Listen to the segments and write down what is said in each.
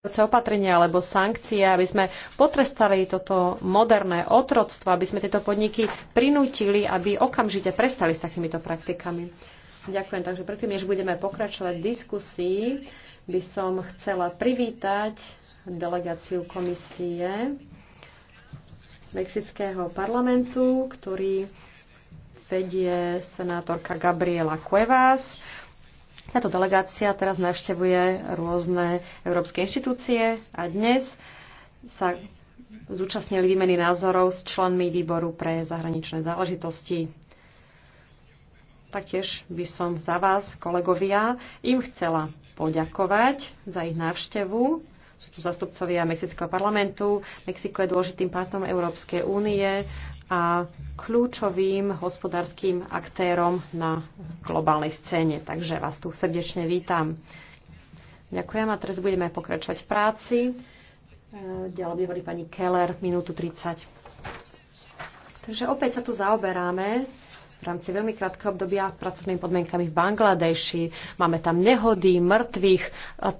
opatrenia alebo sankcie, aby sme potrestali toto moderné otroctvo, aby sme tieto podniky prinútili, aby okamžite prestali s takýmito praktikami. Ďakujem. Takže predtým, než budeme pokračovať v diskusii, by som chcela privítať delegáciu komisie z Mexického parlamentu, ktorý vedie senátorka Gabriela Cuevas. Táto delegácia teraz navštevuje rôzne európske inštitúcie a dnes sa zúčastnili výmeny názorov s členmi výboru pre zahraničné záležitosti. Taktiež by som za vás, kolegovia, im chcela poďakovať za ich návštevu. Sú tu zastupcovia Mexického parlamentu. Mexiko je dôležitým partnerom Európskej únie a kľúčovým hospodárským aktérom na globálnej scéne. Takže vás tu srdečne vítam. Ďakujem a teraz budeme pokračovať v práci. E, ďalej by hovorí pani Keller, minútu 30. Takže opäť sa tu zaoberáme v rámci veľmi krátkeho obdobia pracovnými podmienkami v Bangladeši. Máme tam nehody, mŕtvych, e,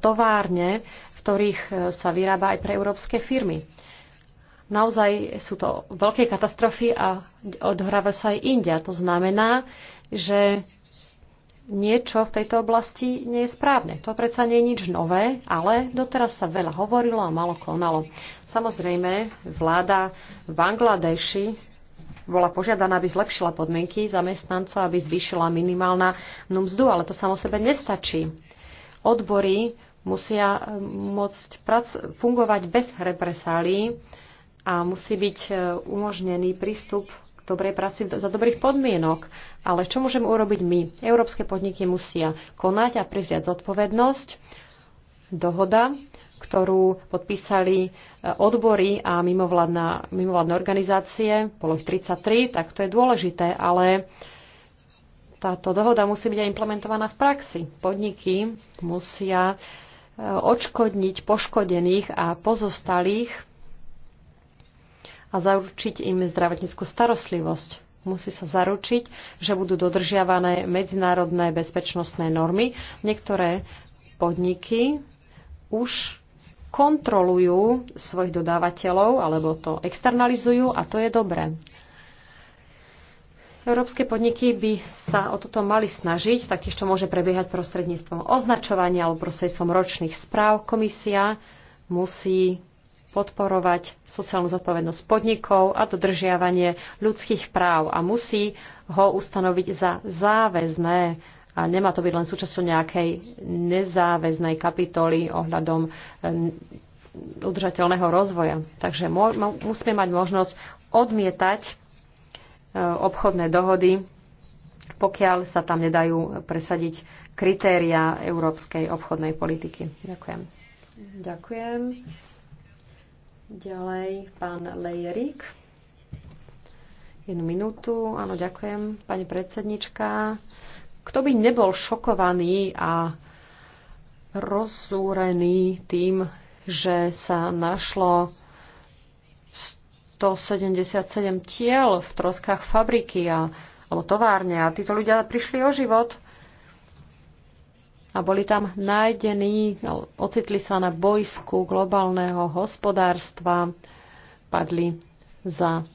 továrne, v ktorých e, sa vyrába aj pre európske firmy. Naozaj sú to veľké katastrofy a odhráva sa aj india. To znamená, že niečo v tejto oblasti nie je správne. To predsa nie je nič nové, ale doteraz sa veľa hovorilo a malo konalo. Samozrejme, vláda v Bangladeši bola požiadaná, aby zlepšila podmienky zamestnancov, aby zvýšila minimálna mzdu, ale to samo sebe nestačí. Odbory musia eh, môcť fungovať bez represálií a musí byť e, umožnený prístup k dobrej práci za dobrých podmienok. Ale čo môžeme urobiť my? Európske podniky musia konať a prevziať zodpovednosť. Dohoda, ktorú podpísali e, odbory a mimovládne organizácie, bolo ich 33, tak to je dôležité, ale táto dohoda musí byť aj implementovaná v praxi. Podniky musia e, odškodniť poškodených a pozostalých a zaručiť im zdravotníckú starostlivosť. Musí sa zaručiť, že budú dodržiavané medzinárodné bezpečnostné normy. Niektoré podniky už kontrolujú svojich dodávateľov alebo to externalizujú a to je dobré. Európske podniky by sa o toto mali snažiť, taktiež to môže prebiehať prostredníctvom označovania alebo prostredníctvom ročných správ. Komisia musí podporovať sociálnu zodpovednosť podnikov a dodržiavanie ľudských práv a musí ho ustanoviť za záväzné a nemá to byť len súčasťou nejakej nezáväznej kapitoly ohľadom eh, udržateľného rozvoja. Takže musíme mať možnosť odmietať eh, obchodné dohody, pokiaľ sa tam nedajú presadiť kritéria európskej obchodnej politiky. Ďakujem. Ďakujem. Ďalej pán Lejerik. Jednu minútu. Áno, ďakujem, pani predsednička. Kto by nebol šokovaný a rozúrený tým, že sa našlo 177 tiel v troskách fabriky a, alebo továrne a títo ľudia prišli o život a boli tam nájdení, no, ocitli sa na bojsku globálneho hospodárstva, padli za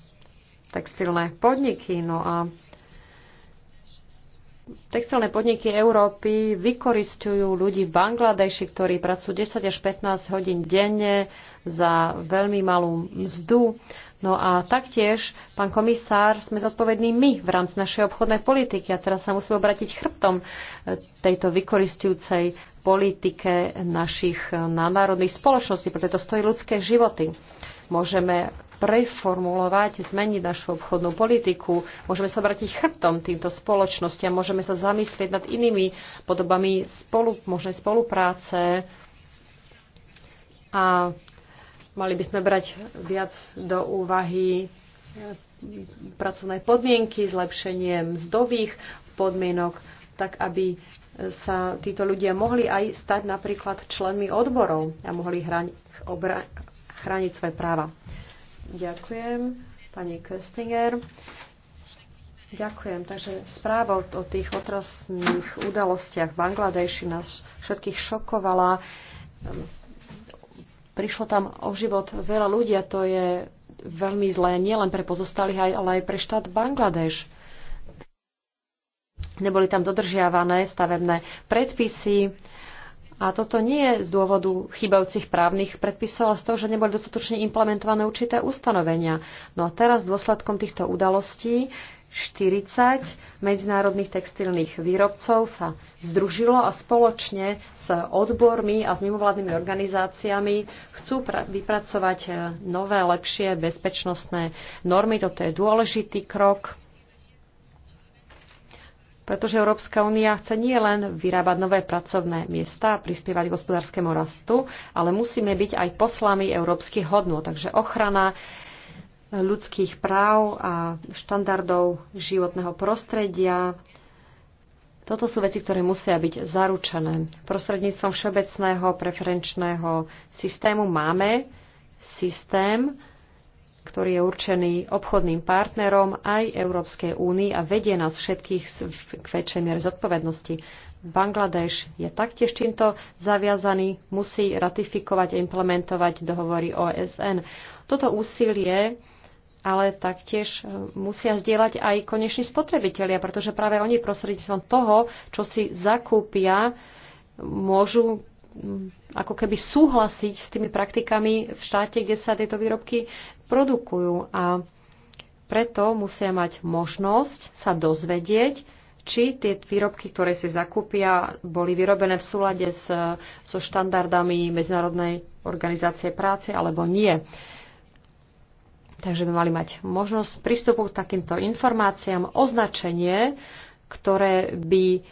textilné podniky. No a textilné podniky Európy vykoristujú ľudí v Bangladeši, ktorí pracujú 10 až 15 hodín denne za veľmi malú mzdu. No a taktiež, pán komisár, sme zodpovední my v rámci našej obchodnej politiky a teraz sa musíme obratiť chrbtom e, tejto vykoristujúcej politike našich e, národných spoločností, pretože to stojí ľudské životy. Môžeme preformulovať, zmeniť našu obchodnú politiku. Môžeme sa obratiť chrbtom týmto spoločnostiam, môžeme sa zamyslieť nad inými podobami spolu, možnej spolupráce. A Mali by sme brať viac do úvahy e, pracovné podmienky, zlepšenie mzdových podmienok, tak aby sa títo ľudia mohli aj stať napríklad členmi odborov a mohli chrániť svoje práva. Ďakujem, pani Köstinger. Ďakujem. Takže správa o tých otrasných udalostiach v Bangladeši nás všetkých šokovala. Prišlo tam o život veľa ľudí a to je veľmi zlé nielen pre pozostalých, ale aj pre štát Bangladeš. Neboli tam dodržiavané stavebné predpisy a toto nie je z dôvodu chybajúcich právnych predpisov, ale z toho, že neboli dostatočne implementované určité ustanovenia. No a teraz dôsledkom týchto udalostí 40 medzinárodných textilných výrobcov sa združilo a spoločne s odbormi a s mimovládnymi organizáciami chcú vypracovať e, nové, lepšie bezpečnostné normy. Toto je dôležitý krok, pretože Európska únia chce nie len vyrábať nové pracovné miesta a prispievať k hospodárskému rastu, ale musíme byť aj poslami európskych hodnú. Takže ochrana ľudských práv a štandardov životného prostredia. Toto sú veci, ktoré musia byť zaručené. Prostredníctvom všeobecného preferenčného systému máme systém, ktorý je určený obchodným partnerom aj Európskej únii a vedie nás všetkých k väčšej miere zodpovednosti. Bangladeš je taktiež týmto zaviazaný, musí ratifikovať a implementovať dohovory OSN. Toto úsilie ale taktiež e, musia zdieľať aj koneční spotrebitelia, pretože práve oni prostredníctvom toho, čo si zakúpia, môžu ako keby súhlasiť s tými praktikami v štáte, kde sa tieto výrobky produkujú. A preto musia mať možnosť sa dozvedieť, či tie výrobky, ktoré si zakúpia, boli vyrobené v súlade s, so štandardami Medzinárodnej organizácie práce alebo nie. Takže by mali mať možnosť prístupu k takýmto informáciám, označenie, ktoré by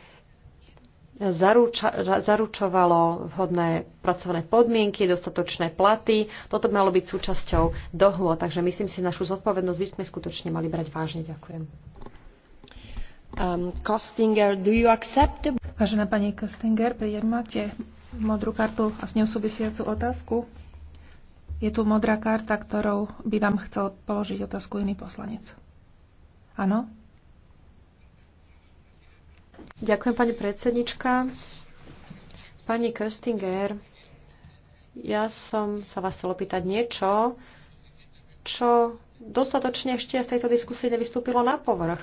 zaruča, zaručovalo vhodné pracovné podmienky, dostatočné platy. Toto malo byť súčasťou dohôd, takže myslím si, našu zodpovednosť by sme skutočne mali brať vážne. Ďakujem. Um, Kostinger, do you accept... Vážená pani Kostinger, prijemáte modrú kartu a s ňou súvisiacu otázku? Je tu modrá karta, ktorou by vám chcel položiť otázku iný poslanec. Áno? Ďakujem, pani predsednička. Pani Köstinger, ja som sa vás chcel pýtať niečo, čo dostatočne ešte v tejto diskusii nevystúpilo na povrch.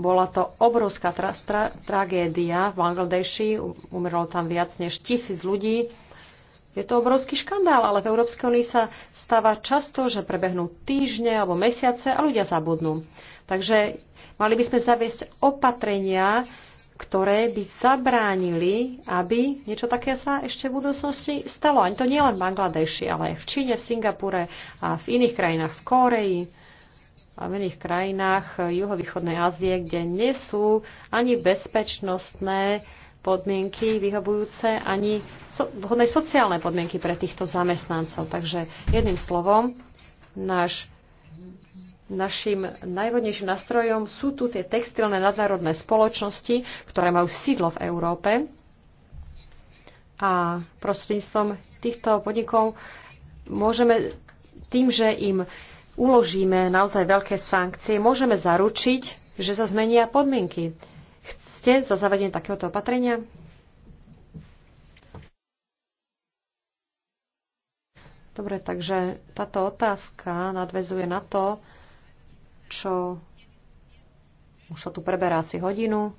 Bola to obrovská tra- tra- tragédia v Bangladeši, umrlo tam viac než tisíc ľudí je to obrovský škandál, ale v Európskej únii sa stáva často, že prebehnú týždne alebo mesiace a ľudia zabudnú. Takže mali by sme zaviesť opatrenia, ktoré by zabránili, aby niečo také sa ešte v budúcnosti stalo. Ani to nie len v Bangladeši, ale aj v Číne, v Singapúre a v iných krajinách, v Koreji a v iných krajinách juhovýchodnej Ázie, kde nie sú ani bezpečnostné podmienky vyhovujúce ani so, vhodné sociálne podmienky pre týchto zamestnancov. Takže jedným slovom, náš, našim najvodnejším nástrojom sú tu tie textilné nadnárodné spoločnosti, ktoré majú sídlo v Európe. A prostredníctvom týchto podnikov môžeme tým, že im uložíme naozaj veľké sankcie, môžeme zaručiť, že sa zmenia podmienky ste za zavedenie takéhoto opatrenia? Dobre, takže táto otázka nadvezuje na to, čo už sa tu preberá asi hodinu.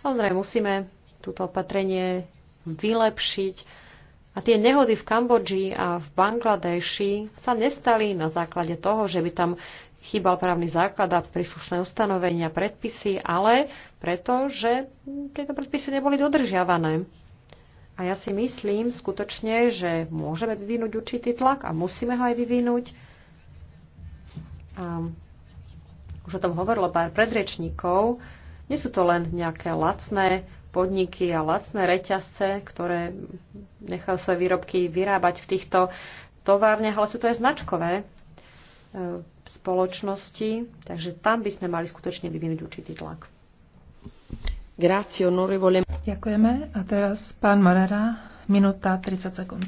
Samozrejme, musíme túto opatrenie vylepšiť. A tie nehody v Kambodži a v Bangladeši sa nestali na základe toho, že by tam chýbal právny základ a príslušné ustanovenia, predpisy, ale preto, že tieto predpisy neboli dodržiavané. A ja si myslím skutočne, že môžeme vyvinúť určitý tlak a musíme ho aj vyvinúť. A už o tom hovorilo pár predrečníkov. Nie sú to len nejaké lacné podniky a lacné reťazce, ktoré nechajú svoje výrobky vyrábať v týchto továrniach, ale sú to aj značkové e, spoločnosti, takže tam by sme mali skutočne vyvinúť určitý tlak. Grazie, onorevole. Ďakujeme. A teraz pán Morera, minúta 30 sekúnd.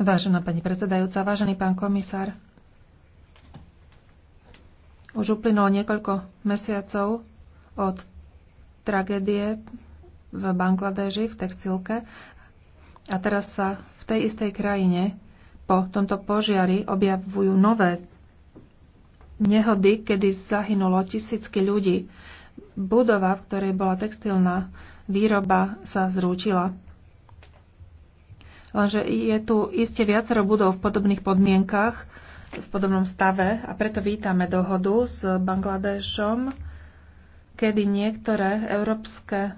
Vážená pani predsedajúca, vážený pán komisár, už uplynulo niekoľko mesiacov od tragédie v Bangladeži, v textilke. A teraz sa v tej istej krajine po tomto požiari objavujú nové nehody, kedy zahynulo tisícky ľudí. Budova, v ktorej bola textilná výroba, sa zrútila. Lenže je tu iste viacero budov v podobných podmienkach, v podobnom stave a preto vítame dohodu s Bangladešom, kedy niektoré európske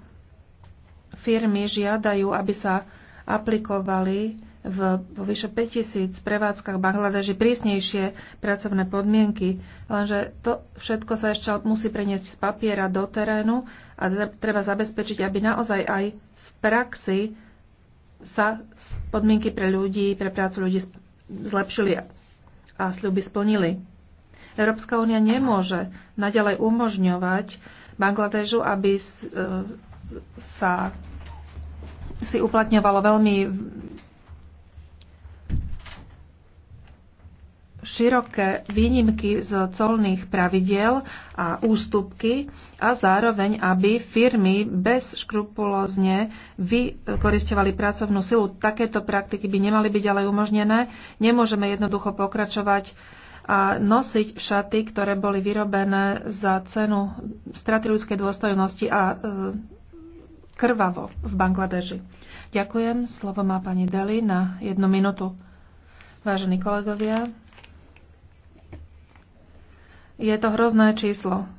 firmy žiadajú, aby sa aplikovali v, vo vyše 5000 prevádzkach Bangladeži prísnejšie pracovné podmienky, lenže to všetko sa ešte musí preniesť z papiera do terénu a treba zabezpečiť, aby naozaj aj v praxi sa podmienky pre ľudí, pre prácu ľudí zlepšili a sľuby splnili. Európska únia nemôže naďalej umožňovať Bangladežu, aby e, sa si uplatňovalo veľmi široké výnimky z colných pravidiel a ústupky a zároveň, aby firmy bezškrupulózne vykoristovali pracovnú silu. Takéto praktiky by nemali byť ale umožnené. Nemôžeme jednoducho pokračovať a nosiť šaty, ktoré boli vyrobené za cenu straty ľudskej dôstojnosti a e, krvavo v Bangladeži. Ďakujem. Slovo má pani Deli na jednu minútu. Vážení kolegovia, je to hrozné číslo.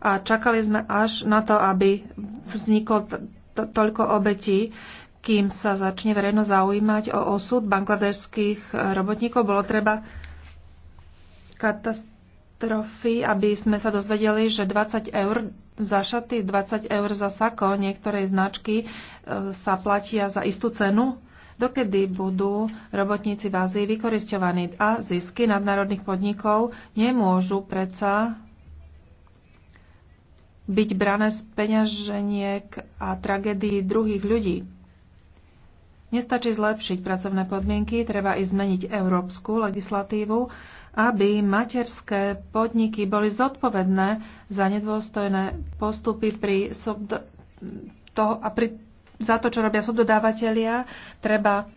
A čakali sme až na to, aby vzniklo to, toľko obetí, kým sa začne verejno zaujímať o osud bangladežských e, robotníkov. Bolo treba katastrofy, aby sme sa dozvedeli, že 20 eur za šaty, 20 eur za sako niektorej značky e, sa platia za istú cenu dokedy budú robotníci v Ázii vykoristovaní a zisky nadnárodných podnikov nemôžu predsa byť brané z peňaženiek a tragédií druhých ľudí. Nestačí zlepšiť pracovné podmienky, treba i zmeniť európsku legislatívu, aby materské podniky boli zodpovedné za nedôstojné postupy pri, sobdo- toho, a pri za to, čo robia subdodávateľia, treba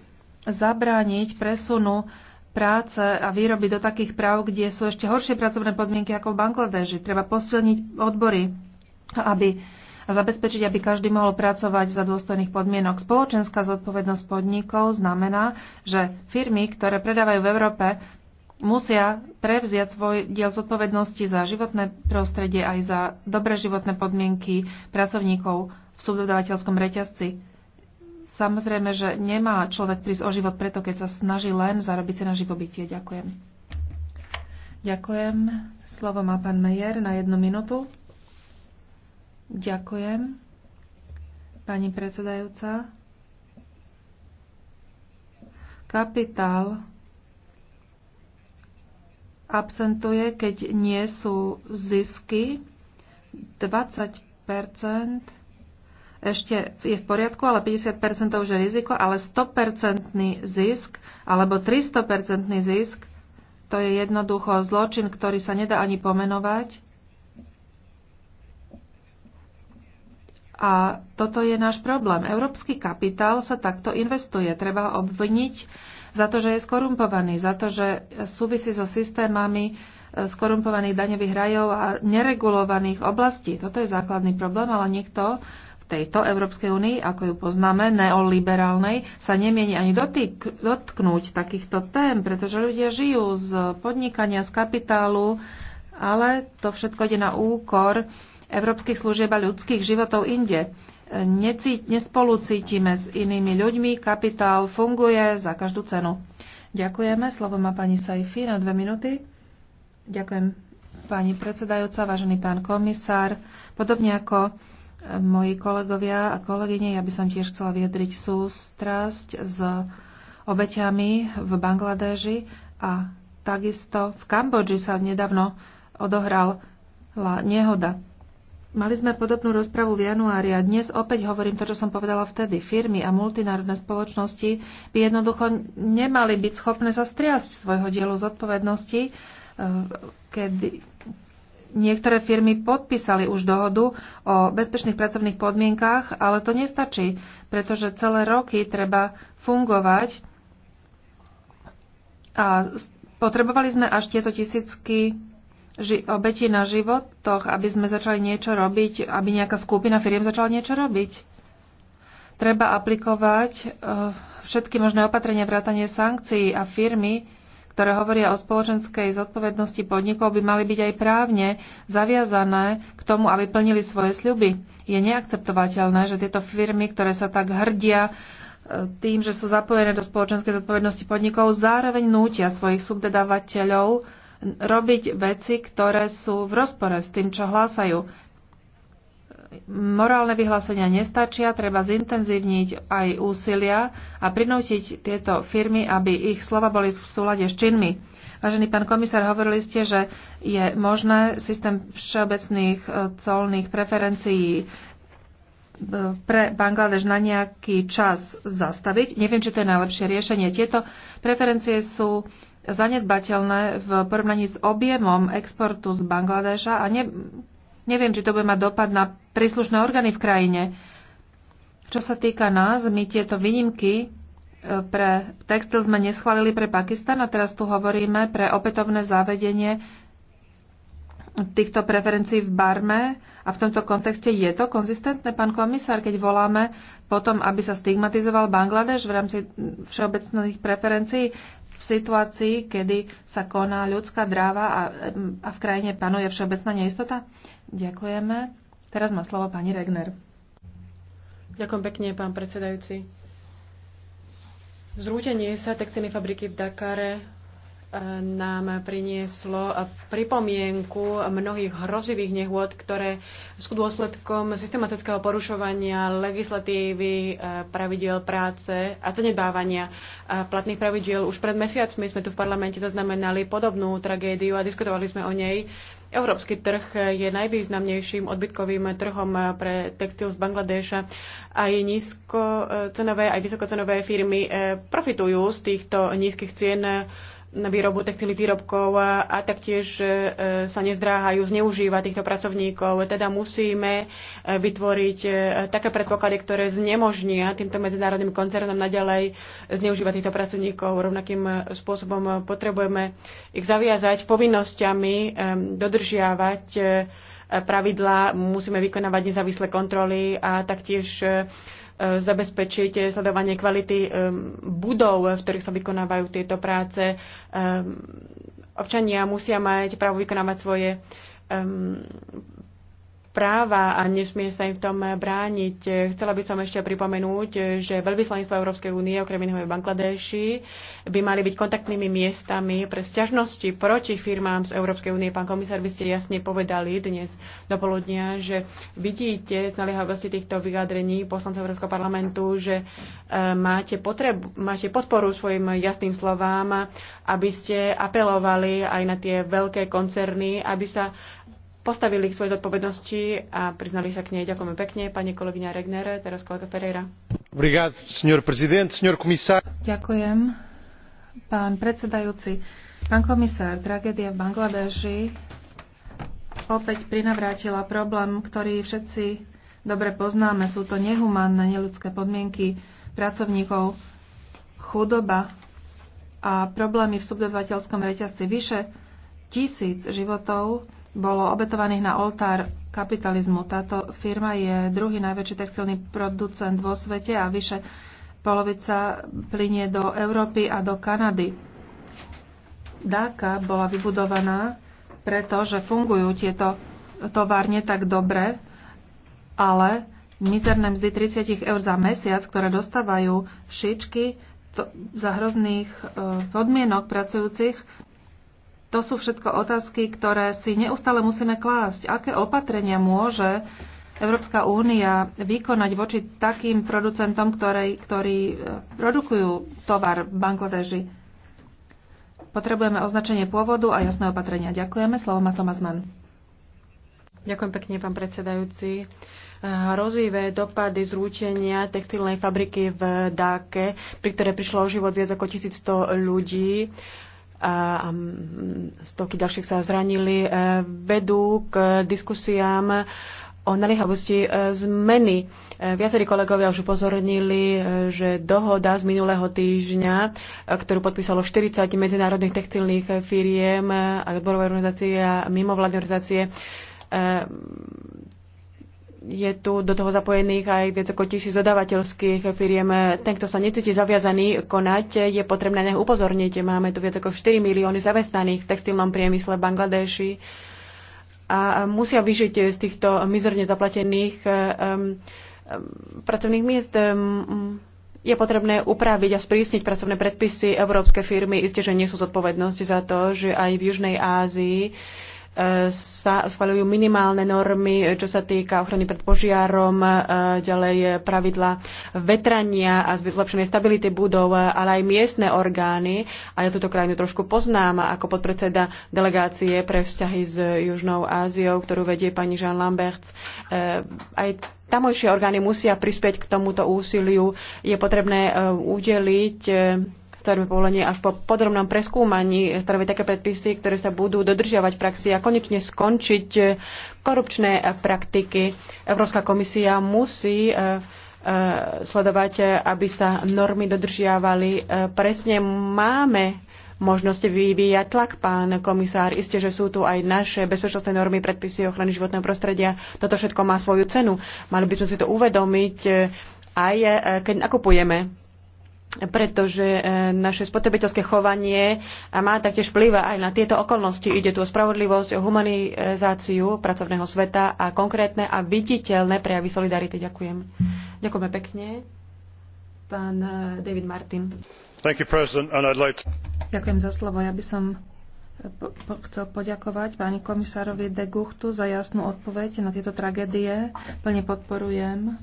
zabrániť presunu práce a výroby do takých práv, kde sú ešte horšie pracovné podmienky ako v Bangladeži. Treba posilniť odbory aby, a zabezpečiť, aby každý mohol pracovať za dôstojných podmienok. Spoločenská zodpovednosť podnikov znamená, že firmy, ktoré predávajú v Európe, musia prevziať svoj diel zodpovednosti za životné prostredie aj za dobré životné podmienky pracovníkov v subdodávateľskom reťazci. Samozrejme, že nemá človek prísť o život preto, keď sa snaží len zarobiť si na živobytie. Ďakujem. Ďakujem. Slovo má pán Mejer na jednu minútu. Ďakujem. Pani predsedajúca. Kapitál absentuje, keď nie sú zisky. 20 ešte je v poriadku, ale 50% už je riziko, ale 100% zisk alebo 300% zisk, to je jednoducho zločin, ktorý sa nedá ani pomenovať. A toto je náš problém. Európsky kapitál sa takto investuje. Treba ho obviniť za to, že je skorumpovaný, za to, že súvisí so systémami e, skorumpovaných daňových rajov a neregulovaných oblastí. Toto je základný problém, ale niekto tejto Európskej únii, ako ju poznáme, neoliberálnej, sa nemieni ani dotyk, dotknúť takýchto tém, pretože ľudia žijú z podnikania, z kapitálu, ale to všetko ide na úkor európskych služieb a ľudských životov inde. Necí, nespolu cítime s inými ľuďmi, kapitál funguje za každú cenu. Ďakujeme. Slovo má pani Saifi na dve minúty. Ďakujem pani predsedajúca, vážený pán komisár. Podobne ako moji kolegovia a kolegyne, ja by som tiež chcela vyjadriť sústrasť s obeťami v Bangladeži a takisto v Kambodži sa nedávno odohrala nehoda. Mali sme podobnú rozpravu v januári a dnes opäť hovorím to, čo som povedala vtedy. Firmy a multinárodné spoločnosti by jednoducho nemali byť schopné sa striasť svojho dielu zodpovednosti, eh, kedy, Niektoré firmy podpísali už dohodu o bezpečných pracovných podmienkách, ale to nestačí, pretože celé roky treba fungovať a potrebovali sme až tieto tisícky obetí na životoch, aby sme začali niečo robiť, aby nejaká skupina firiem začala niečo robiť. Treba aplikovať eh, všetky možné opatrenia, vrátanie sankcií a firmy, ktoré hovoria o spoločenskej zodpovednosti podnikov, by mali byť aj právne zaviazané k tomu, aby plnili svoje sľuby. Je neakceptovateľné, že tieto firmy, ktoré sa tak hrdia e, tým, že sú zapojené do spoločenskej zodpovednosti podnikov, zároveň nútia svojich subdodávateľov robiť veci, ktoré sú v rozpore s tým, čo hlásajú morálne vyhlásenia nestačia, treba zintenzívniť aj úsilia a prinútiť tieto firmy, aby ich slova boli v súlade s činmi. Vážený pán komisár, hovorili ste, že je možné systém všeobecných e, colných preferencií e, pre Bangladeš na nejaký čas zastaviť. Neviem, či to je najlepšie riešenie. Tieto preferencie sú zanedbateľné v porovnaní s objemom exportu z Bangladeša a ne, Neviem, či to bude mať dopad na príslušné orgány v krajine. Čo sa týka nás, my tieto výnimky e, pre textil sme neschválili pre Pakistan a teraz tu hovoríme pre opätovné zavedenie týchto preferencií v Barme a v tomto kontexte je to konzistentné, pán komisár, keď voláme potom, aby sa stigmatizoval Bangladeš v rámci všeobecných preferencií v situácii, kedy sa koná ľudská dráva a, a v krajine panuje všeobecná neistota? Ďakujeme. Teraz má slovo pani Regner. Ďakujem pekne, pán predsedajúci. Zrútenie sa textilnej fabriky v Dakare nám prinieslo pripomienku mnohých hrozivých nehôd, ktoré sú dôsledkom systematického porušovania legislatívy, eh, pravidiel práce a zanedbávania eh, platných pravidiel. Už pred mesiacmi sme tu v parlamente zaznamenali podobnú tragédiu a diskutovali sme o nej. Európsky trh je najvýznamnejším odbytkovým trhom pre textil z Bangladeša. Aj nízkocenové, aj vysokocenové firmy eh, profitujú z týchto nízkych cien na výrobu textilných výrobkov a taktiež e, sa nezdráhajú zneužívať týchto pracovníkov. Teda musíme e, vytvoriť e, také predpoklady, ktoré znemožnia týmto medzinárodným koncernom naďalej zneužívať týchto pracovníkov. Rovnakým spôsobom potrebujeme ich zaviazať povinnosťami dodržiavať pravidla, musíme vykonávať nezávislé kontroly a taktiež E, zabezpečiť sledovanie kvality e, budov, v ktorých sa vykonávajú tieto práce. E, občania musia mať právo vykonávať svoje práva a nesmie sa im v tom brániť. Chcela by som ešte pripomenúť, že veľvyslanectvo Európskej únie, okrem iného v Bangladeši, by mali byť kontaktnými miestami pre sťažnosti proti firmám z Európskej únie. Pán komisár, by ste jasne povedali dnes do poludnia, že vidíte z naliehavosti týchto vyjadrení poslanca Európskeho parlamentu, že e, máte, potrebu, máte podporu svojim jasným slovám, aby ste apelovali aj na tie veľké koncerny, aby sa postavili k svojej zodpovednosti a priznali sa k nej. Ďakujeme pekne, pani kolegyňa Regner, teraz kolega Ferreira. Obrigado, senhor senhor komisár. Ďakujem, pán predsedajúci. Pán komisár, tragédia v Bangladeži opäť prinavrátila problém, ktorý všetci dobre poznáme. Sú to nehumánne, neludské podmienky pracovníkov, chudoba a problémy v subdovateľskom reťazci. Vyše tisíc životov bolo obetovaných na oltár kapitalizmu. Táto firma je druhý najväčší textilný producent vo svete a vyše polovica plinie do Európy a do Kanady. Dáka bola vybudovaná preto, že fungujú tieto továrne tak dobre, ale mizerné mzdy 30 eur za mesiac, ktoré dostávajú šičky to, za hrozných e, podmienok pracujúcich, to sú všetko otázky, ktoré si neustále musíme klásť. Aké opatrenia môže Európska únia vykonať voči takým producentom, ktorej, ktorí e, produkujú tovar v Bangladeži? Potrebujeme označenie pôvodu a jasné opatrenia. Ďakujeme. Slovo má Tomas Mann. Ďakujem pekne, pán predsedajúci e, hrozivé dopady zrútenia textilnej fabriky v Dáke, pri ktorej prišlo o život viac ako 1100 ľudí a stovky ďalších sa zranili, e, vedú k diskusiám o naliehavosti e, zmeny. E, viacerí kolegovia už upozornili, že dohoda z minulého týždňa, ktorú podpísalo 40 medzinárodných textilných firiem a odborové organizácie a mimovládne organizácie, je tu do toho zapojených aj viac ako tisíc dodávateľských firiem. Ten, kto sa necíti zaviazaný konať, je potrebné nech upozorniť. Máme tu viac ako 4 milióny zamestnaných v textilnom priemysle v Bangladeši a musia vyžiť z týchto mizerne zaplatených um, pracovných miest. Je potrebné upraviť a sprísniť pracovné predpisy. Európske firmy isté, že nesú zodpovednosť za to, že aj v Južnej Ázii uh, sa schvaľujú minimálne normy, čo sa týka ochrany pred požiarom, e, ďalej pravidla vetrania a zlepšenej stability budov, ale aj miestne orgány. A ja túto krajinu trošku poznám ako podpredseda delegácie pre vzťahy s Južnou Áziou, ktorú vedie pani Jean Lamberts. E, aj tamojšie orgány musia prispieť k tomuto úsiliu. Je potrebné e, udeliť stavebné povolenie až po podrobnom preskúmaní stanoviť také predpisy, ktoré sa budú dodržiavať v praxi a konečne skončiť eh, korupčné praktiky. Európska komisia musí eh, eh, sledovať, aby sa normy dodržiavali. Presne máme možnosti vyvíjať tlak, pán komisár. Isté, že sú tu aj naše bezpečnostné normy, predpisy ochrany životného prostredia. Toto všetko má svoju cenu. Mali by sme si to uvedomiť aj keď nakupujeme pretože e, naše spotrebiteľské chovanie má taktiež vplyv aj na tieto okolnosti. Ide tu o spravodlivosť, o humanizáciu pracovného sveta a konkrétne a viditeľné prejavy solidarity. Ďakujem. Ďakujeme pekne. Pán e, David Martin. Thank you, President, and I'd like to... Ďakujem za slovo. Ja by som e, po, po, chcel poďakovať pani komisárovi de Guchtu za jasnú odpoveď na tieto tragédie. Plne podporujem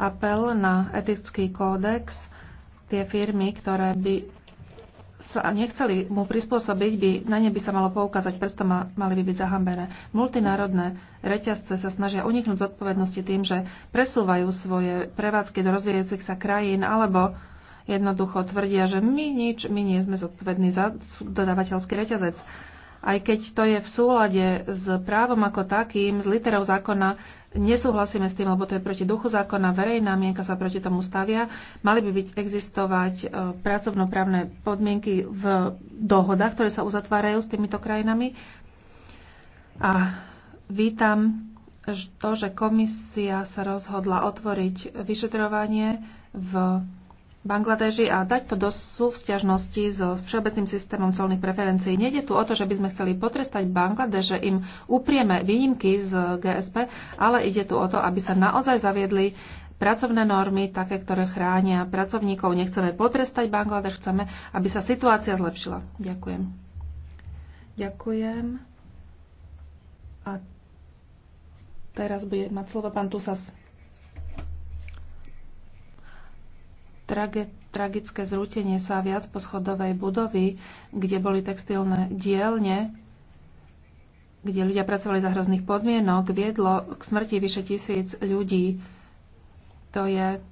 apel na etický kódex tie firmy, ktoré by sa nechceli mu prispôsobiť, by, na ne by sa malo poukázať prstom a mali by byť zahambené. Multinárodné reťazce sa snažia uniknúť zodpovednosti tým, že presúvajú svoje prevádzky do rozvíjajúcich sa krajín alebo jednoducho tvrdia, že my nič, my nie sme zodpovední za dodávateľský reťazec. Aj keď to je v súlade s právom ako takým, s literou zákona, nesúhlasíme s tým, lebo to je proti duchu zákona, verejná mienka sa proti tomu stavia. Mali by byť existovať e, pracovnoprávne podmienky v dohodách, ktoré sa uzatvárajú s týmito krajinami. A vítam to, že komisia sa rozhodla otvoriť vyšetrovanie v Bangladeži a dať to do súvzťažnosti so všeobecným systémom colných preferencií. Nede tu o to, že by sme chceli potrestať Bangladeže, že im uprieme výnimky z GSP, ale ide tu o to, aby sa naozaj zaviedli pracovné normy, také, ktoré chránia pracovníkov. Nechceme potrestať Bangladeš, chceme, aby sa situácia zlepšila. Ďakujem. Ďakujem. A teraz bude mať slovo pán Tusas. trage, tragické zrútenie sa viac poschodovej budovy, kde boli textilné dielne, kde ľudia pracovali za hrozných podmienok, viedlo k smrti vyše tisíc ľudí. To je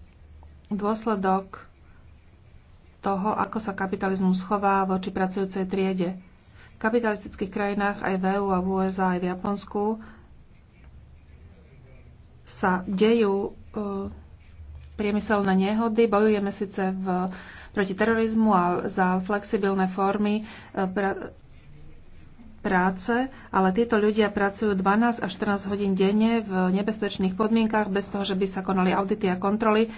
dôsledok toho, ako sa kapitalizmus chová voči pracujúcej triede. V kapitalistických krajinách aj v EU a v USA aj v Japonsku sa dejú e, priemyselné nehody. Bojujeme síce v, proti terorizmu a za flexibilné formy e, pra, práce, ale títo ľudia pracujú 12 až 14 hodín denne v nebezpečných podmienkach, bez toho, že by sa konali audity a kontroly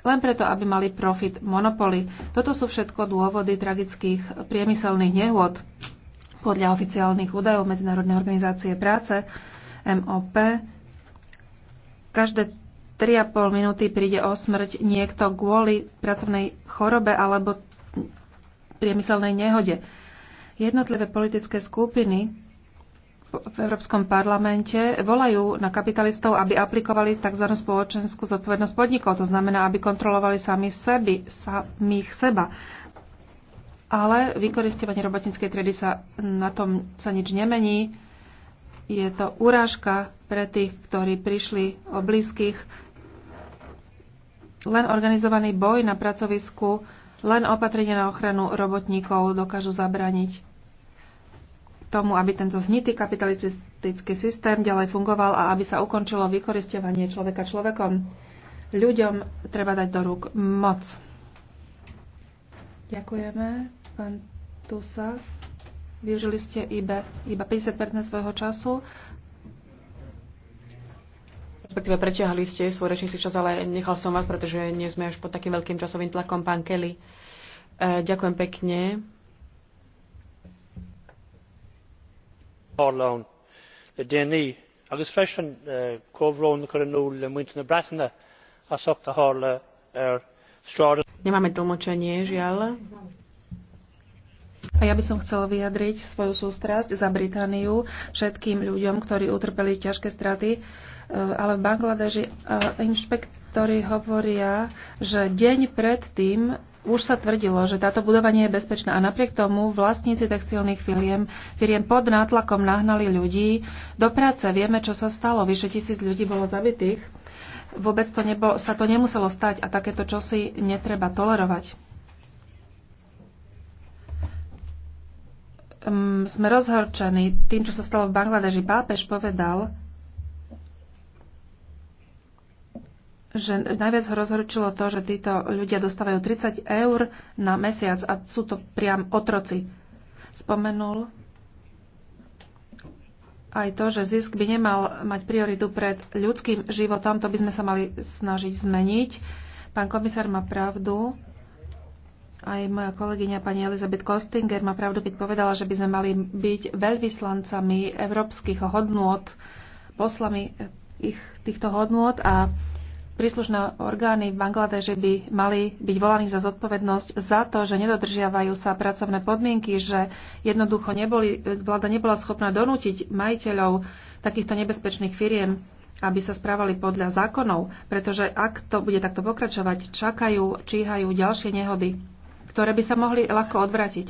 len preto, aby mali profit monopoly. Toto sú všetko dôvody tragických priemyselných nehôd. Podľa oficiálnych údajov Medzinárodnej organizácie práce MOP každé 3,5 minúty príde o smrť niekto kvôli pracovnej chorobe alebo priemyselnej nehode. Jednotlivé politické skupiny v Európskom parlamente volajú na kapitalistov, aby aplikovali tzv. spoločenskú zodpovednosť podnikov. To znamená, aby kontrolovali sami sebi, samých seba. Ale vykoristovanie robotníckej triedy sa na tom sa nič nemení. Je to urážka pre tých, ktorí prišli o blízkych len organizovaný boj na pracovisku, len opatrenie na ochranu robotníkov dokážu zabraniť tomu, aby tento znitý kapitalistický systém ďalej fungoval a aby sa ukončilo vykoristovanie človeka človekom. Ľuďom treba dať do rúk moc. Ďakujeme, pán Tusa. Využili ste iba, iba 50% svojho času respektíve preťahli ste svoj rečnícky čas, ale nechal som vás, pretože nie sme už pod takým veľkým časovým tlakom, pán Kelly. E, ďakujem pekne. E, e, Nemáme tlmočenie, žiaľ. A ja by som chcela vyjadriť svoju sústrasť za Britániu všetkým ľuďom, ktorí utrpeli ťažké straty ale v Bangladeži e, inšpektori hovoria, že deň predtým už sa tvrdilo, že táto budova nie je bezpečná a napriek tomu vlastníci textilných firiem, firiem pod nátlakom nahnali ľudí do práce. Vieme, čo sa stalo. Vyše tisíc ľudí bolo zabitých. Vôbec to nebo, sa to nemuselo stať a takéto čosi netreba tolerovať. Um, sme rozhorčení tým, čo sa stalo v Bangladeži. Pápež povedal, že najviac ho rozhorčilo to, že títo ľudia dostávajú 30 eur na mesiac a sú to priam otroci. Spomenul aj to, že zisk by nemal mať prioritu pred ľudským životom, to by sme sa mali snažiť zmeniť. Pán komisár má pravdu, aj moja kolegyňa pani Elizabeth Kostinger má pravdu, keď povedala, že by sme mali byť veľvyslancami európskych hodnôt, poslami ich, týchto hodnôt a Príslušné orgány v Bangladeži by mali byť volaní za zodpovednosť za to, že nedodržiavajú sa pracovné podmienky, že jednoducho neboli, vláda nebola schopná donútiť majiteľov takýchto nebezpečných firiem, aby sa správali podľa zákonov, pretože ak to bude takto pokračovať, čakajú, číhajú ďalšie nehody ktoré by sa mohli ľahko odvratiť.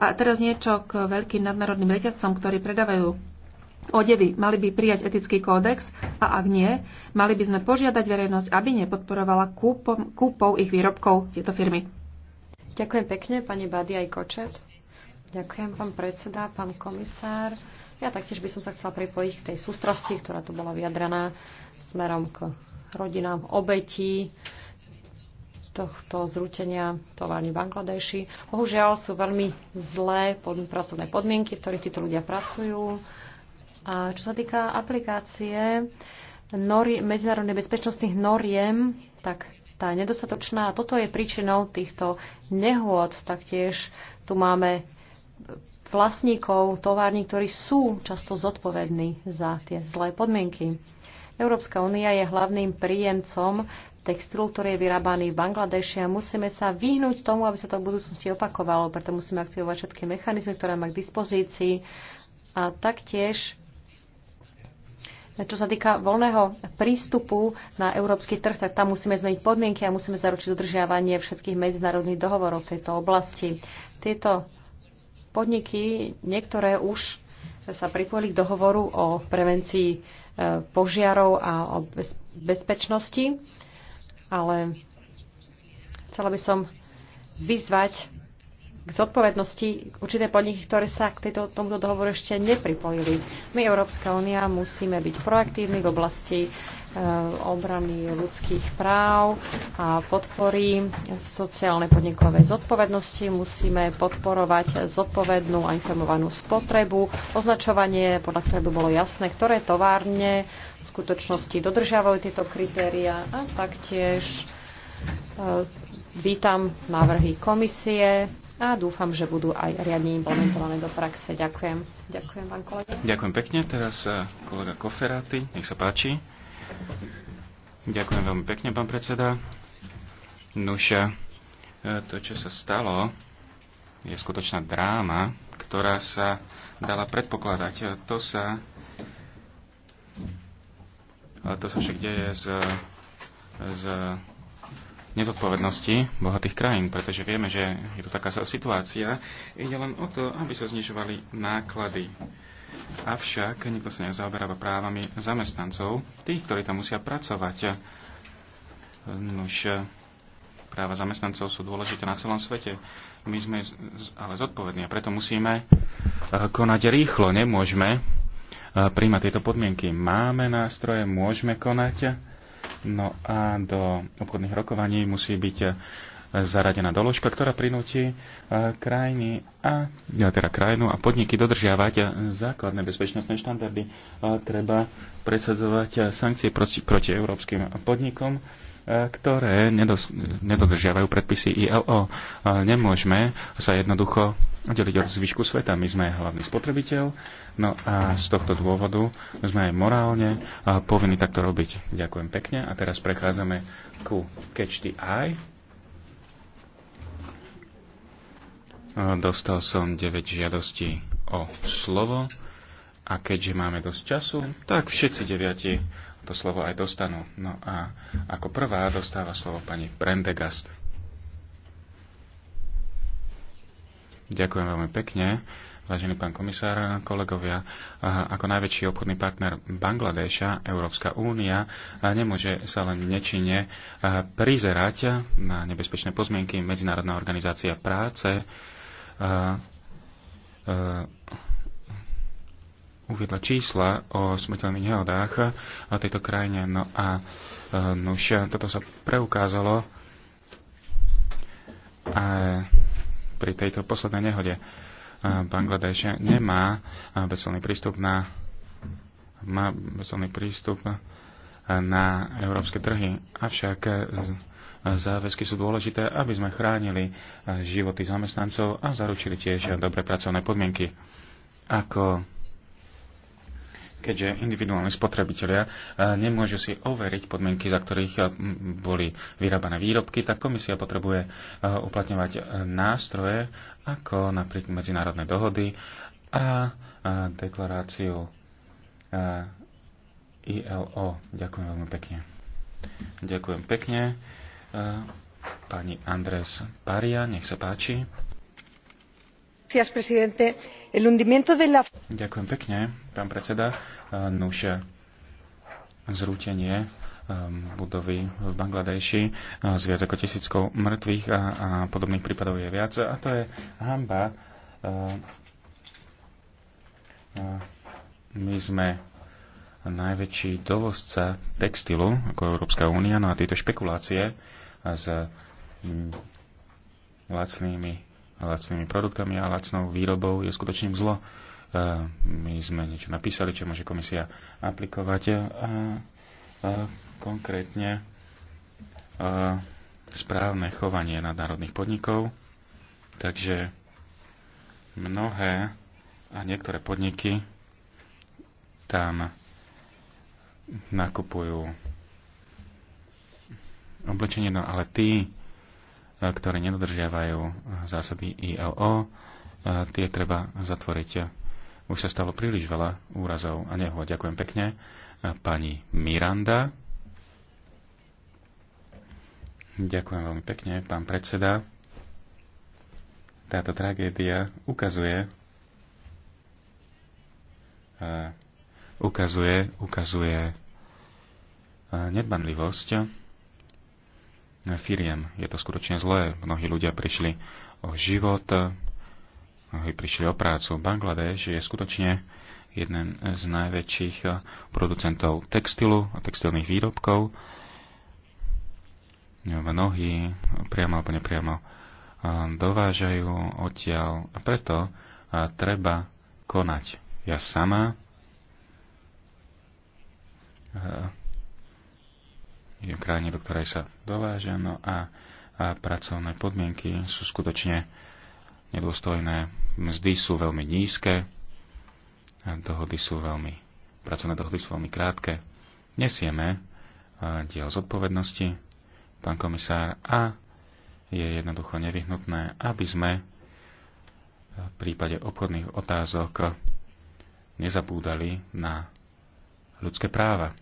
A teraz niečo k veľkým nadnárodným reťazcom, ktorí predávajú odevy mali by prijať etický kódex a ak nie, mali by sme požiadať verejnosť, aby nepodporovala kúpom, kúpou ich výrobkov tieto firmy. Ďakujem pekne, pani Badia aj Kočet. Ďakujem, pán predseda, pán komisár. Ja taktiež by som sa chcela pripojiť k tej sústrasti, ktorá tu bola vyjadraná smerom k rodinám obetí tohto zrútenia továrny v Bangladeši. Bohužiaľ sú veľmi zlé pracovné podmienky, v ktorých títo ľudia pracujú a čo sa týka aplikácie nori, medzinárodných bezpečnostných noriem, tak tá je nedostatočná. A toto je príčinou týchto nehôd. Taktiež tu máme vlastníkov tovární, ktorí sú často zodpovední za tie zlé podmienky. Európska únia je hlavným príjemcom textilu, ktorý je vyrábaný v Bangladeši a musíme sa vyhnúť tomu, aby sa to v budúcnosti opakovalo, preto musíme aktivovať všetky mechanizmy, ktoré má k dispozícii a taktiež čo sa týka voľného prístupu na európsky trh, tak tam musíme zmeniť podmienky a musíme zaručiť dodržiavanie všetkých medzinárodných dohovorov v tejto oblasti. Tieto podniky, niektoré už sa pripojili k dohovoru o prevencii e, požiarov a o bezpečnosti, ale chcela by som vyzvať k zodpovednosti určité podniky, ktoré sa k tejto, tomuto dohovoru ešte nepripojili. My, Európska únia, musíme byť proaktívni v oblasti e, obrany ľudských práv a podpory sociálne podnikové zodpovednosti. Musíme podporovať zodpovednú a informovanú spotrebu, označovanie, podľa ktoré by bolo jasné, ktoré továrne v skutočnosti dodržiavajú tieto kritéria a taktiež e, vítam návrhy komisie a dúfam, že budú aj riadne implementované do praxe. Ďakujem. Ďakujem vám, kolega. Ďakujem pekne. Teraz eh, kolega Koferáty, nech sa páči. Ďakujem veľmi pekne, pán predseda. Nuša, eh, to, čo sa stalo, je skutočná dráma, ktorá sa dala predpokladať. Eh, to sa, to sa však deje z, z nezodpovednosti bohatých krajín, pretože vieme, že je to taká situácia. Ide len o to, aby sa znižovali náklady. Avšak nikto sa nezaoberá právami zamestnancov, tých, ktorí tam musia pracovať. Nož, práva zamestnancov sú dôležité na celom svete. My sme ale zodpovední a preto musíme eh, konať rýchlo. Nemôžeme eh, príjmať tieto podmienky. Máme nástroje, môžeme konať No a do obchodných rokovaní musí byť eh, zaradená doložka, ktorá prinúti eh, krajiny a, teda krajinu a podniky dodržiavať eh, základné bezpečnostné štandardy. Treba presadzovať sankcie proti, proti európskym podnikom ktoré nedodržiavajú predpisy ILO. Nemôžeme sa jednoducho deliť od zvyšku sveta. My sme hlavný spotrebiteľ, no a z tohto dôvodu sme aj morálne povinni takto robiť. Ďakujem pekne a teraz prechádzame ku Catch the Eye. Dostal som 9 žiadostí o slovo a keďže máme dosť času, tak všetci deviati to slovo aj dostanú. No a ako prvá dostáva slovo pani Prendegast. Ďakujem veľmi pekne. Vážený pán komisár, kolegovia, ako najväčší obchodný partner Bangladeša, Európska únia nemôže sa len nečine prizerať na nebezpečné pozmienky Medzinárodná organizácia práce uviedla čísla o smrteľných nehodách na tejto krajine. No a e, nuž, toto sa preukázalo a pri tejto poslednej nehode. E, Bangladeš nemá e, bezcelný prístup na má bezcelný prístup na európske trhy. Avšak záväzky sú dôležité, aby sme chránili životy zamestnancov a zaručili tiež dobré pracovné podmienky. Ako keďže individuálni spotrebitelia e, nemôžu si overiť podmienky, za ktorých e, boli vyrábané výrobky, tak komisia potrebuje e, uplatňovať nástroje ako napríklad medzinárodné dohody a deklaráciu ILO. Ďakujem veľmi pekne. Ďakujem pekne. Pani Andres Paria, nech sa páči. Gracias, presidente Ďakujem pekne, pán predseda. E, nuž, e, zrútenie e, budovy v Bangladeši s viac ako tisíckou mŕtvych a, a podobných prípadov je viac. A to je hamba. My sme najväčší dovozca textilu ako Európska únia, no a tieto špekulácie s lacnými lacnými produktami a lacnou výrobou je skutočným zlo. E, my sme niečo napísali, čo môže komisia aplikovať e, a, a konkrétne a e, správne chovanie nadnárodných podnikov. Takže mnohé a niektoré podniky tam nakupujú oblečenie, no ale tí, E, ktoré nedodržiavajú zásady ILO, e, tie treba zatvoriť. Už sa stalo príliš veľa úrazov a neho. Ďakujem pekne. E, pani Miranda. Ďakujem veľmi pekne, pán predseda. Táto tragédia ukazuje, ukazuje, ukazuje nedbanlivosť firiem. Je to skutočne zlé. Mnohí ľudia prišli o život, mnohí prišli o prácu. Bangladeš je skutočne jeden z najväčších eh, producentov textilu a textilných výrobkov. Mnohí priamo alebo nepriamo eh, dovážajú odtiaľ a preto eh, treba konať. Ja sama je krajine, do ktorej sa dováženo no a, a pracovné podmienky sú skutočne nedôstojné. Mzdy sú veľmi nízke, dohody sú veľmi, pracovné dohody sú veľmi krátke. Nesieme e, diel zodpovednosti, pán komisár, a je jednoducho nevyhnutné, aby sme v prípade obchodných otázok nezabúdali na ľudské práva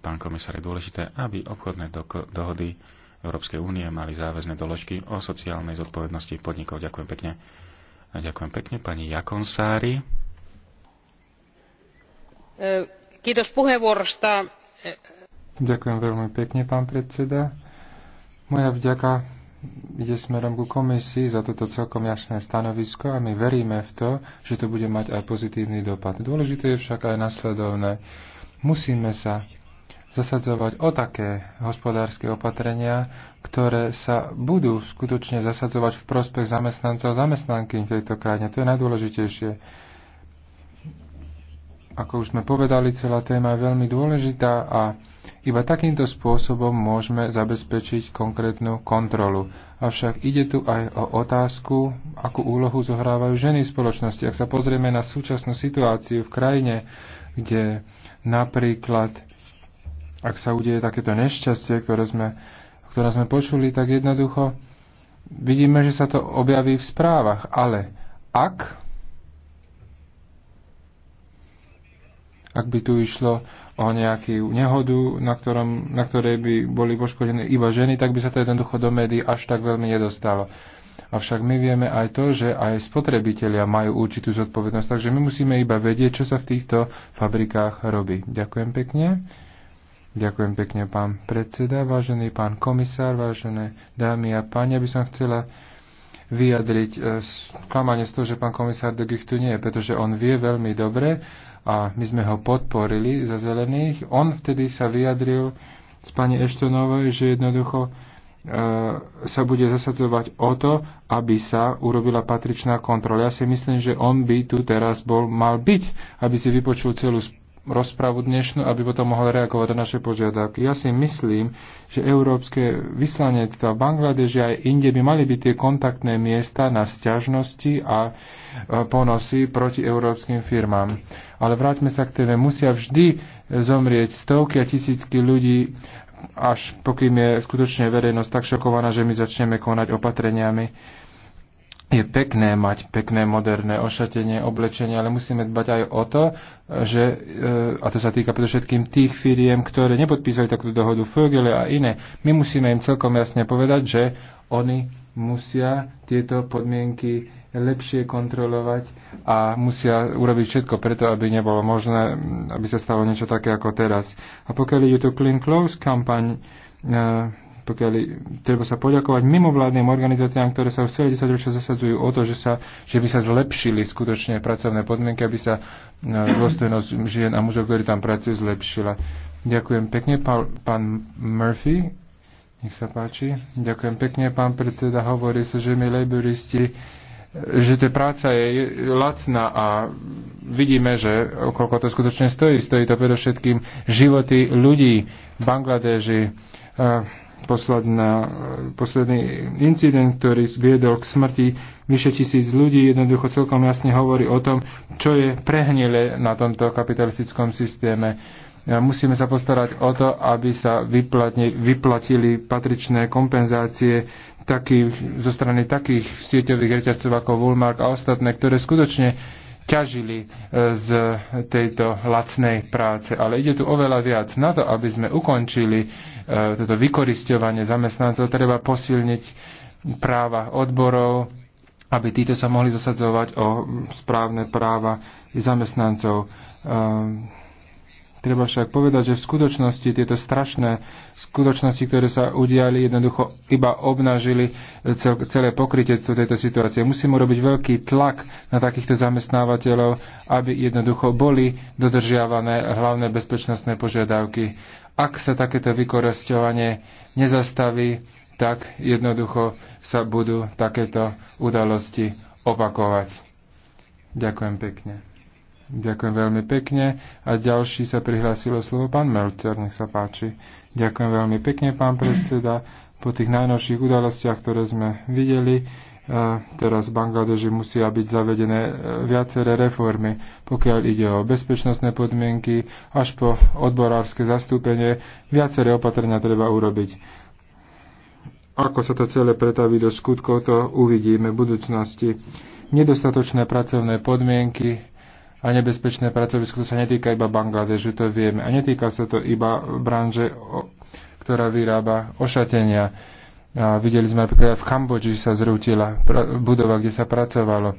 pán komisár, je dôležité, aby obchodné dohody Európskej únie mali záväzne doložky o sociálnej zodpovednosti podnikov. Ďakujem pekne. A ďakujem pekne pani Jakonsári. E, e, ďakujem veľmi pekne, pán predseda. Moja vďaka ide smerom ku komisii za toto celkom jasné stanovisko a my veríme v to, že to bude mať aj pozitívny dopad. Dôležité je však aj nasledovné musíme sa zasadzovať o také hospodárske opatrenia, ktoré sa budú skutočne zasadzovať v prospech zamestnancov a zamestnanky v tejto krajine. To je najdôležitejšie. Ako už sme povedali, celá téma je veľmi dôležitá a iba takýmto spôsobom môžeme zabezpečiť konkrétnu kontrolu. Avšak ide tu aj o otázku, akú úlohu zohrávajú ženy v spoločnosti. Ak sa pozrieme na súčasnú situáciu v krajine, kde napríklad ak sa udeje takéto nešťastie, ktoré sme, ktoré sme počuli, tak jednoducho vidíme, že sa to objaví v správach. Ale ak, ak by tu išlo o nejakú nehodu, na, ktorom, na ktorej by boli poškodené iba ženy, tak by sa to jednoducho do médií až tak veľmi nedostalo. Avšak my vieme aj to, že aj spotrebitelia majú určitú zodpovednosť, takže my musíme iba vedieť, čo sa v týchto fabrikách robí. Ďakujem pekne. Ďakujem pekne, pán predseda, vážený pán komisár, vážené dámy a páni. Aby som chcela vyjadriť e, sklamanie z toho, že pán komisár de Gucht tu nie je, pretože on vie veľmi dobre a my sme ho podporili za zelených. On vtedy sa vyjadril s pani Eštonovej, že jednoducho e, sa bude zasadzovať o to, aby sa urobila patričná kontrola. Ja si myslím, že on by tu teraz bol, mal byť, aby si vypočul celú rozpravu dnešnú, aby potom mohol reagovať na naše požiadavky. Ja si myslím, že európske vyslanectva v Bangladeži aj inde by mali byť tie kontaktné miesta na sťažnosti a ponosy proti európskym firmám. Ale vráťme sa k téme. Musia vždy zomrieť stovky a tisícky ľudí, až pokým je skutočne verejnosť tak šokovaná, že my začneme konať opatreniami je pekné mať pekné moderné ošatenie, oblečenie, ale musíme dbať aj o to, že, e, a to sa týka predovšetkým tých firiem, ktoré nepodpísali takúto dohodu Fögele a iné, my musíme im celkom jasne povedať, že oni musia tieto podmienky lepšie kontrolovať a musia urobiť všetko preto, aby nebolo možné, aby sa stalo niečo také ako teraz. A pokiaľ ide tu Clean Close kampaň, e, pokiaľ treba sa poďakovať mimovládnym organizáciám, ktoré sa už celé 10 ročia zasadzujú o to, že, sa, že by sa zlepšili skutočne pracovné podmienky, aby sa e, dôstojnosť žien a mužov, ktorí tam pracujú, zlepšila. Ďakujem pekne, pán, pán Murphy. Nech sa páči. Ďakujem pekne, pán predseda. Hovorí sa, že my laboristi e, že tá práca je lacná a vidíme, že koľko to skutočne stojí. Stojí to predovšetkým životy ľudí v Bangladeži. E, posledná, posledný incident, ktorý viedol k smrti vyše tisíc ľudí, jednoducho celkom jasne hovorí o tom, čo je prehnile na tomto kapitalistickom systéme. E, musíme sa postarať o to, aby sa vyplatne, vyplatili patričné kompenzácie taký, zo strany takých sieťových reťazcov ako Walmart a ostatné, ktoré skutočne ťažili e, z tejto lacnej práce. Ale ide tu oveľa viac. Na to, aby sme ukončili e, toto vykoristovanie zamestnancov, treba posilniť práva odborov, aby títo sa mohli zasadzovať o správne práva zamestnancov ehm, Treba však povedať, že v skutočnosti tieto strašné skutočnosti, ktoré sa udiali, jednoducho iba obnažili celé pokrytectvo tejto situácie. Musíme robiť veľký tlak na takýchto zamestnávateľov, aby jednoducho boli dodržiavané hlavné bezpečnostné požiadavky. Ak sa takéto vykoresťovanie nezastaví, tak jednoducho sa budú takéto udalosti opakovať. Ďakujem pekne. Ďakujem veľmi pekne. A ďalší sa prihlásilo slovo pán Melcer, nech sa páči. Ďakujem veľmi pekne, pán predseda. Po tých najnovších udalostiach, ktoré sme videli, eh, teraz v Bangladeži musia byť zavedené eh, viaceré reformy, pokiaľ ide o bezpečnostné podmienky, až po odborárske zastúpenie, viaceré opatrenia treba urobiť. Ako sa to celé pretaví do skutkov, to uvidíme v budúcnosti. Nedostatočné pracovné podmienky, a nebezpečné pracovisko, to sa netýka iba Bangladežu, to vieme. A netýka sa to iba branže, ktorá vyrába ošatenia. A videli sme napríklad v Kambodži sa zrútila budova, kde sa pracovalo.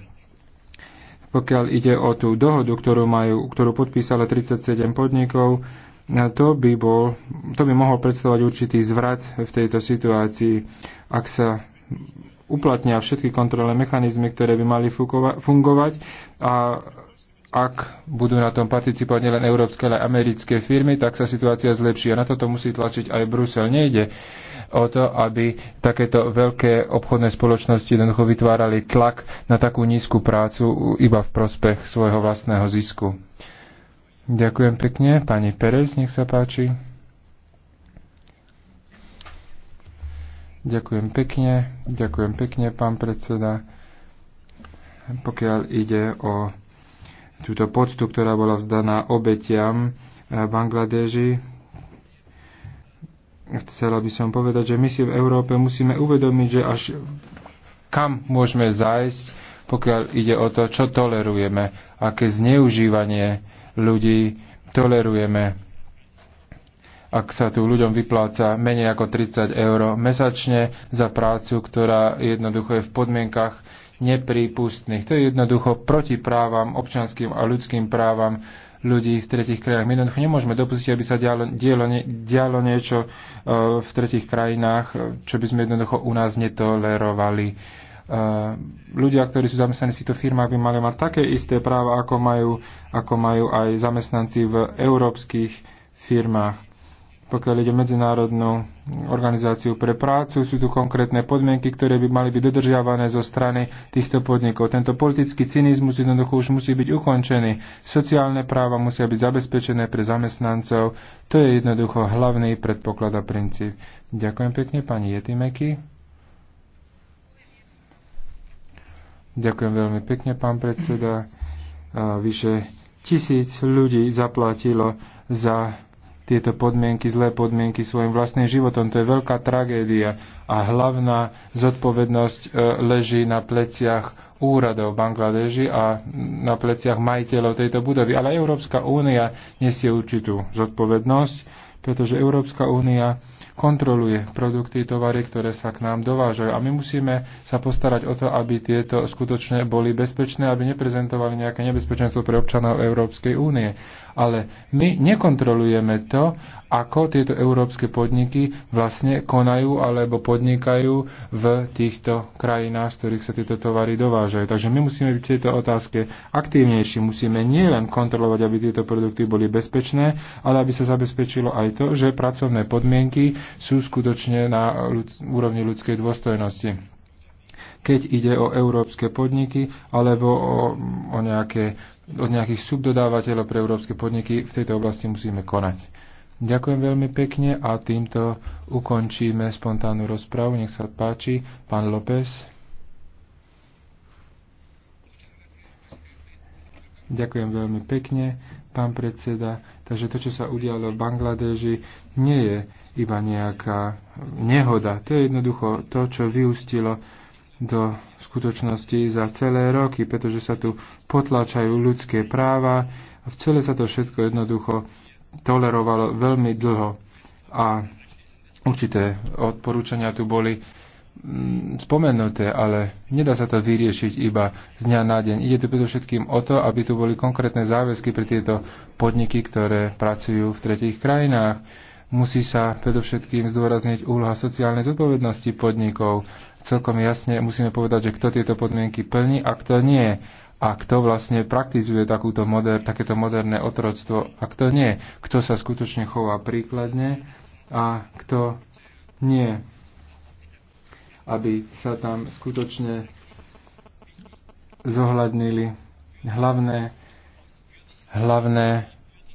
Pokiaľ ide o tú dohodu, ktorú, majú, ktorú podpísalo 37 podnikov, to by, bol, to by mohol predstavovať určitý zvrat v tejto situácii, ak sa uplatnia všetky kontrolné mechanizmy, ktoré by mali fungovať a ak budú na tom participovať nielen európske, ale americké firmy, tak sa situácia zlepší. A na toto musí tlačiť aj Brusel. Nejde o to, aby takéto veľké obchodné spoločnosti jednoducho vytvárali tlak na takú nízku prácu iba v prospech svojho vlastného zisku. Ďakujem pekne. Pani Perez, nech sa páči. Ďakujem pekne. Ďakujem pekne, pán predseda. Pokiaľ ide o túto poctu, ktorá bola vzdaná obetiam eh, Bangladeži. Chcela by som povedať, že my si v Európe musíme uvedomiť, že až kam môžeme zájsť, pokiaľ ide o to, čo tolerujeme, aké zneužívanie ľudí tolerujeme. Ak sa tu ľuďom vypláca menej ako 30 eur mesačne za prácu, ktorá jednoducho je v podmienkach, neprípustných. To je jednoducho proti právam, občanským a ľudským právam ľudí v tretich krajinách. My jednoducho nemôžeme dopustiť, aby sa dialo, dialo, dialo niečo e, v tretich krajinách, čo by sme jednoducho u nás netolerovali. E, ľudia, ktorí sú zamestnaní v týchto firmách, by mali mať také isté práva, ako majú, ako majú aj zamestnanci v európskych firmách pokiaľ ide Medzinárodnú organizáciu pre prácu. Sú tu konkrétne podmienky, ktoré by mali byť dodržiavané zo strany týchto podnikov. Tento politický cynizmus jednoducho už musí byť ukončený. Sociálne práva musia byť zabezpečené pre zamestnancov. To je jednoducho hlavný predpoklad a princíp. Ďakujem pekne pani Jetimeky. Ďakujem veľmi pekne, pán predseda. Vyše tisíc ľudí zaplatilo za tieto podmienky, zlé podmienky svojim vlastným životom. To je veľká tragédia a hlavná zodpovednosť e, leží na pleciach úradov Bangladeži a na pleciach majiteľov tejto budovy. Ale Európska únia nesie určitú zodpovednosť, pretože Európska únia kontroluje produkty, tovary, ktoré sa k nám dovážajú. A my musíme sa postarať o to, aby tieto skutočne boli bezpečné, aby neprezentovali nejaké nebezpečenstvo pre občanov Európskej únie. Ale my nekontrolujeme to, ako tieto európske podniky vlastne konajú alebo podnikajú v týchto krajinách, z ktorých sa tieto tovary dovážajú. Takže my musíme byť v tejto otázke aktívnejší. Musíme nielen kontrolovať, aby tieto produkty boli bezpečné, ale aby sa zabezpečilo aj to, že pracovné podmienky sú skutočne na úrovni ľudskej dôstojnosti keď ide o európske podniky alebo o, o, nejaké, od nejakých subdodávateľov pre európske podniky, v tejto oblasti musíme konať. Ďakujem veľmi pekne a týmto ukončíme spontánnu rozpravu. Nech sa páči, pán López. Ďakujem veľmi pekne, pán predseda. Takže to, čo sa udialo v Bangladeži, nie je iba nejaká nehoda. To je jednoducho to, čo vyústilo do skutočnosti za celé roky, pretože sa tu potláčajú ľudské práva a v celé sa to všetko jednoducho tolerovalo veľmi dlho. A určité odporúčania tu boli Mm, spomenuté, ale nedá sa to vyriešiť iba z dňa na deň. Ide tu predovšetkým o to, aby tu boli konkrétne záväzky pre tieto podniky, ktoré pracujú v tretich krajinách. Musí sa predovšetkým zdôrazniť úloha sociálnej zodpovednosti podnikov. Celkom jasne musíme povedať, že kto tieto podmienky plní a kto nie. A kto vlastne praktizuje takúto moder, takéto moderné otroctvo a kto nie. Kto sa skutočne chová príkladne a kto nie aby sa tam skutočne zohľadnili hlavné, hlavné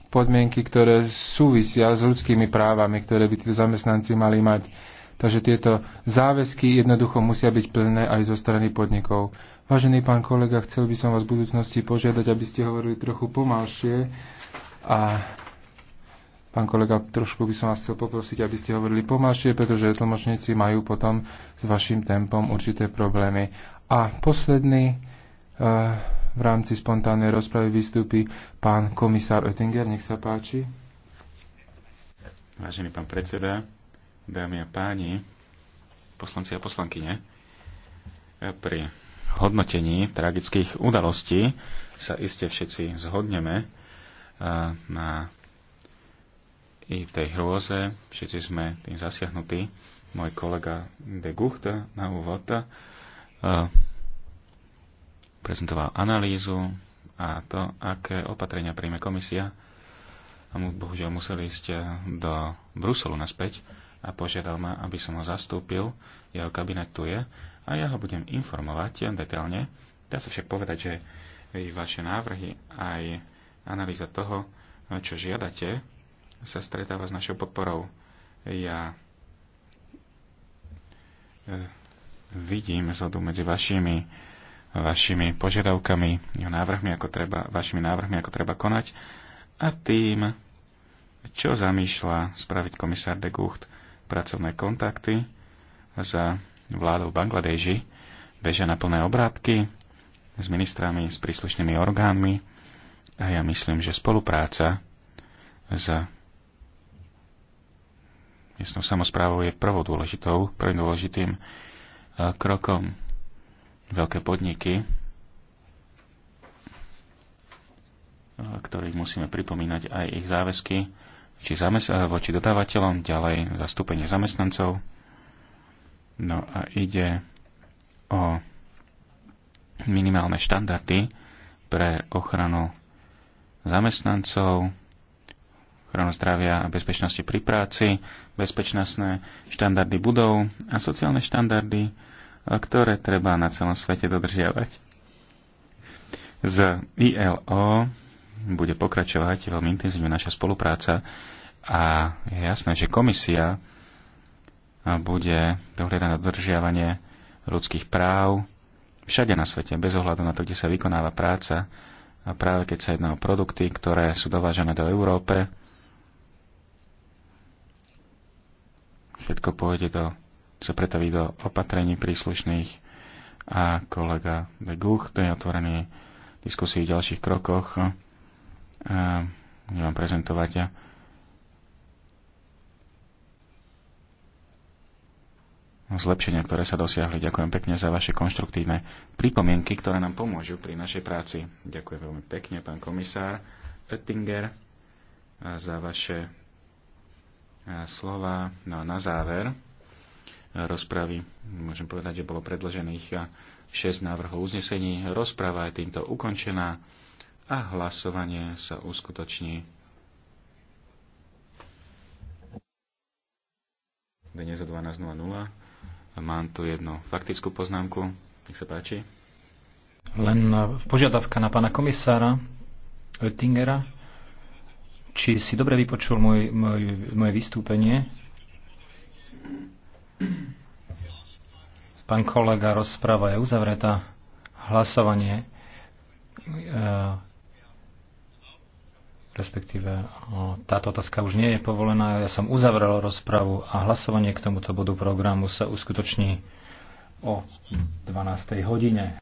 podmienky, ktoré súvisia s ľudskými právami, ktoré by títo zamestnanci mali mať. Takže tieto záväzky jednoducho musia byť plné aj zo strany podnikov. Vážený pán kolega, chcel by som vás v budúcnosti požiadať, aby ste hovorili trochu pomalšie a Pán kolega, trošku by som vás chcel poprosiť, aby ste hovorili pomalšie, pretože tlmočníci majú potom s vašim tempom určité problémy. A posledný eh, v rámci spontánnej rozpravy vystúpi pán komisár Oettinger. Nech sa páči. Vážený pán predseda, dámy a páni, poslanci a poslankyne, pri hodnotení tragických udalostí sa iste všetci zhodneme eh, na i v tej hrôze, všetci sme tým zasiahnutí. Môj kolega de Gucht na úvod eh, prezentoval analýzu a to, aké opatrenia príjme komisia. A mu bohužiaľ musel ísť eh, do Bruselu naspäť a požiadal ma, aby som ho zastúpil. Jeho kabinet tu je a ja ho budem informovať detailne. Dá sa však povedať, že vaše návrhy aj analýza toho, eh, čo žiadate, sa stretáva s našou podporou. Ja e, vidím zhodu medzi vašimi, vašimi požiadavkami, návrhmi, ako treba, vašimi návrhmi, ako treba konať a tým, čo zamýšľa spraviť komisár de Gucht pracovné kontakty za vládou Bangladeži, bežia na plné obrátky s ministrami, s príslušnými orgánmi a ja myslím, že spolupráca s miestnou samozprávou je prvou dôležitou, prvým dôležitým e, krokom. Veľké podniky, e, ktorých musíme pripomínať aj ich záväzky, či zamest- e, voči dodávateľom, ďalej zastúpenie zamestnancov. No a ide o minimálne štandardy pre ochranu zamestnancov, ochranu zdravia a bezpečnosti pri práci, bezpečnostné štandardy budov a sociálne štandardy, ktoré treba na celom svete dodržiavať. Z ILO bude pokračovať veľmi intenzívne naša spolupráca a je jasné, že komisia bude dohľadať na dodržiavanie ľudských práv všade na svete, bez ohľadu na to, kde sa vykonáva práca. A práve keď sa jedná o produkty, ktoré sú dovážané do Európe, všetko pôjde do, sa pretaví do opatrení príslušných a kolega de Guch, to je otvorený diskusii v ďalších krokoch. A budem vám prezentovať zlepšenia, ktoré sa dosiahli. Ďakujem pekne za vaše konštruktívne pripomienky, ktoré nám pomôžu pri našej práci. Ďakujem veľmi pekne, pán komisár Oettinger, za vaše slova. No na záver rozpravy môžem povedať, že bolo predložených 6 návrhov uznesení. Rozprava je týmto ukončená a hlasovanie sa uskutoční dnes o 12.00. Mám tu jednu faktickú poznámku. Nech sa páči. Len požiadavka na pána komisára Oettingera či si dobre vypočul môj, môj, moje vystúpenie. Pán kolega, rozpráva je uzavretá. Hlasovanie, eh, respektíve táto otázka už nie je povolená. Ja som uzavrel rozpravu a hlasovanie k tomuto bodu programu sa uskutoční o 12. hodine.